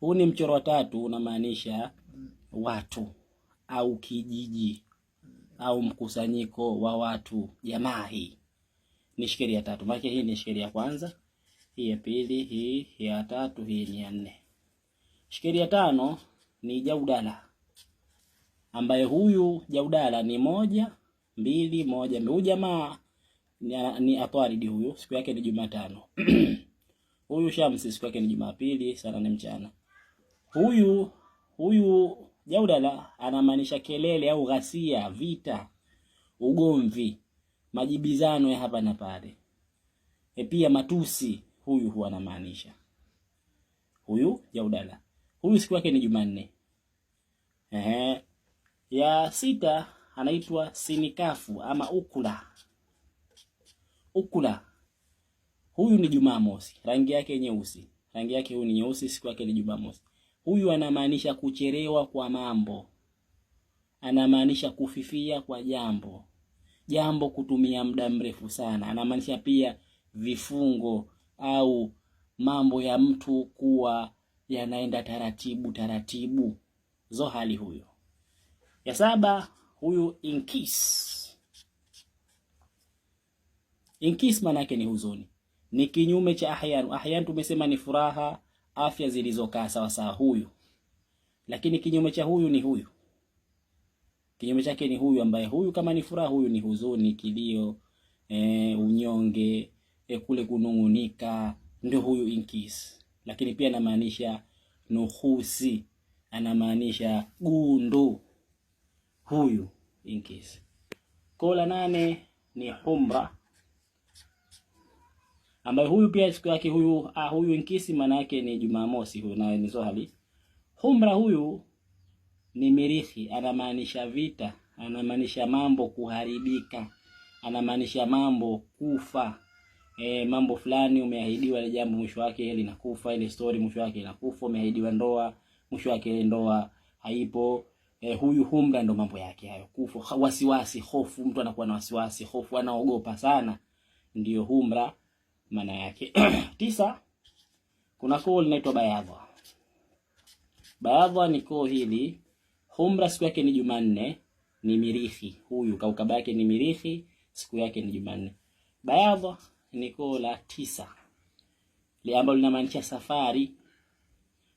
Huu ni mchoro wa tatu unamaanisha watu au kijiji au mkusanyiko wa watu, jamaa. Hii ni shikiri ya tatu, maana hii ni shikiri ya kwanza, hii ya pili, hii ya tatu, hii ni ya nne. shikiri ya tano ni jaudala, ambaye huyu jaudala ni moja mbili moja. Huyu jamaa ni atwaridi, huyu siku yake ni Jumatano. huyu Shamsi siku yake ni Jumapili, sana ni mchana. Huyu huyu Jaudala anamaanisha kelele au ghasia, vita, ugomvi, majibizano ya hapa na pale. E, pia matusi, huyu huwa anamaanisha huyu Jaudala. Huyu siku yake ni Jumanne. Ehe, ya sita anaitwa sinikafu ama ukula ukula. Huyu ni Jumamosi, rangi yake nyeusi, rangi yake huyu ni nyeusi, siku yake ni Jumamosi. Huyu anamaanisha kucherewa kwa mambo, anamaanisha kufifia kwa jambo, jambo kutumia muda mrefu sana. Anamaanisha pia vifungo au mambo ya mtu kuwa yanaenda taratibu taratibu, zo hali huyo. Ya saba, huyu inkis. Inkis maana yake ni huzuni, ni kinyume cha ahyan. Ahyan tumesema ni furaha afya zilizokaa sawasawa huyu, lakini kinyume cha huyu ni huyu, kinyume chake ni huyu, ambaye huyu kama ni furaha, huyu ni huzuni, kilio, e, unyonge, e, kule kunungunika, ndio huyu inkis. Lakini pia anamaanisha nuhusi, anamaanisha gundu huyu inkis. Kola nane ni humra ambayo huyu pia siku yake huyu ah, huyu Nkisi maana yake ni Jumamosi, huyu naye ni Zohali. Humra huyu ni mirithi, anamaanisha vita, anamaanisha mambo kuharibika, anamaanisha mambo kufa. E, mambo fulani umeahidiwa ile jambo, mwisho wake ile linakufa, ile story mwisho wake inakufa. Umeahidiwa ndoa, mwisho wake ile ndoa haipo. E, huyu humra ndo mambo yake hayo, kufa, wasiwasi, hofu. Mtu anakuwa na wasiwasi, hofu, anaogopa sana, ndiyo humra maana yake. Tisa, kuna koo linaitwa bayadha. Bayadha ni koo hili, humra siku yake ni Jumanne, ni mirithi huyu, kaukaba yake ni mirithi, siku yake ni Jumanne. Bayadha ni koo la tisa ambalo linamaanisha safari,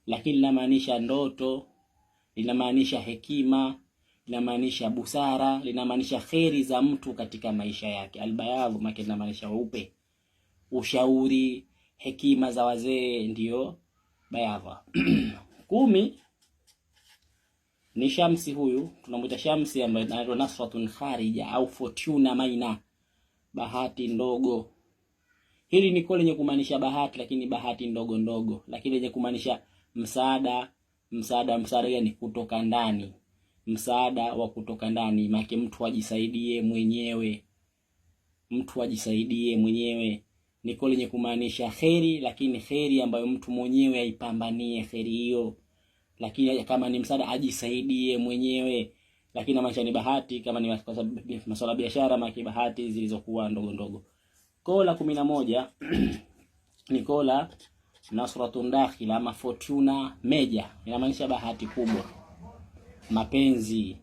lakini linamaanisha ndoto, linamaanisha hekima, linamaanisha busara, linamaanisha kheri za mtu katika maisha yake. Albayadhu make linamaanisha weupe ushauri, hekima za wazee, ndio bayava. Kumi ni shamsi, huyu tunamwita shamsi ambaye anaitwa nasratun kharija au fortuna maina, bahati ndogo. Hili ni kwa lenye kumaanisha bahati, lakini bahati ndogo ndogo, lakini lenye kumaanisha msaada. Msaada, msaada gani? Kutoka ndani, msaada wa kutoka ndani, maana mtu ajisaidie mwenyewe, mtu ajisaidie mwenyewe liko lenye kumaanisha kheri, lakini kheri ambayo mtu mwenyewe aipambanie kheri hiyo, lakini kama ni msaada ajisaidie mwenyewe, lakini maisha ni bahati, kama ni masuala biashara, maana bahati zilizokuwa ndogo ndogo. Kola kumi na moja ni kola nasratun dakhila ama fortuna meja, inamaanisha bahati kubwa, mapenzi,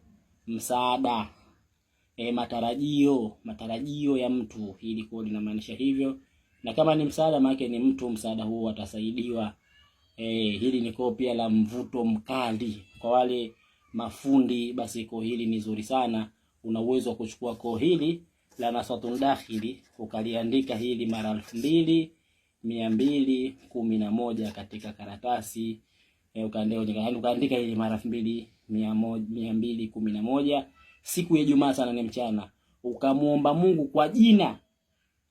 msaada E, matarajio matarajio ya mtu. ili kuwa linamaanisha hivyo, na kama ni msaada maake ni mtu msaada huo atasaidiwa. E, hili ni koo pia la mvuto mkali kwa wale mafundi, basi koo hili ni zuri sana. Una uwezo wa kuchukua koo hili la naswatun dakhili ukaliandika hili mara elfu mbili mia mbili kumi na moja katika karatasi e, ukaandika hili mara elfu mbili mia mbili kumi na moja siku ya jumaa sana ni mchana, ukamwomba Mungu kwa jina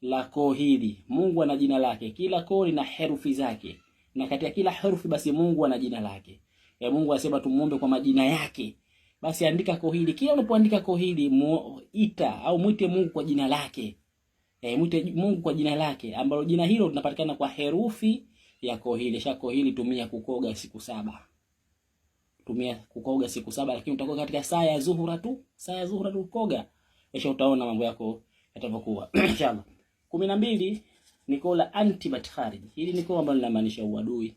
la koo hili. Mungu ana jina lake, kila koo lina herufi zake, na katika kila herufi basi Mungu ana jina lake. E, Mungu asema tumuombe kwa majina yake. Basi andika koo hili, kila unapoandika koo hili muita au mwite Mungu kwa jina lake. E, mwite Mungu kwa jina lake ambalo jina hilo linapatikana kwa herufi ya koo hili. Sha koo hili tumia kukoga siku saba. Tumia kukoga siku saba, lakini utakoga katika saa ya zuhura tu, saa ya zuhura tu kukoga. Kisha utaona mambo yako yatavyokuwa. Inshallah kumi na mbili ni koo la antibat kharij. Hili ni koo ambalo linamaanisha uadui,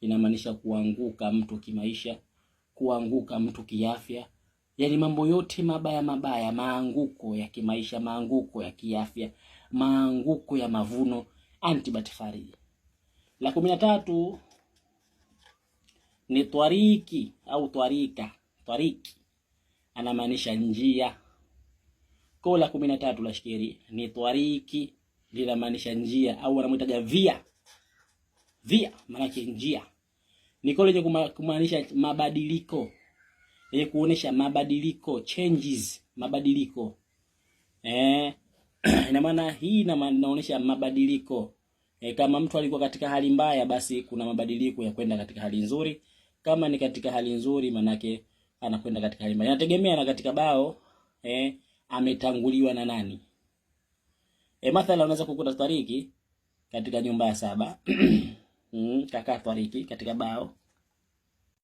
linamaanisha kuanguka mtu kimaisha, kuanguka mtu kiafya, yaani mambo yote mabaya mabaya, maanguko ya kimaisha, maanguko ya kiafya, maanguko ya mavuno, antibat kharij. La kumi na tatu ni twariki au twarika. Twariki anamaanisha njia Koo la kumi na tatu la shikiri ni twariki, linamaanisha njia au wanamwitaga via via, maana yake njia. Ni koo lenye kumaanisha mabadiliko, lenye kuonesha mabadiliko, changes, mabadiliko eh, ina maana hii inaonyesha mabadiliko eh, kama mtu alikuwa katika hali mbaya, basi kuna mabadiliko ya kwenda katika hali nzuri. Kama ni katika hali nzuri, maanake anakwenda katika hali mbaya, inategemea na katika bao eh ametanguliwa na nani? E, mathala unaweza kukuta Twariki katika nyumba ya saba mm, kaka Twariki katika bao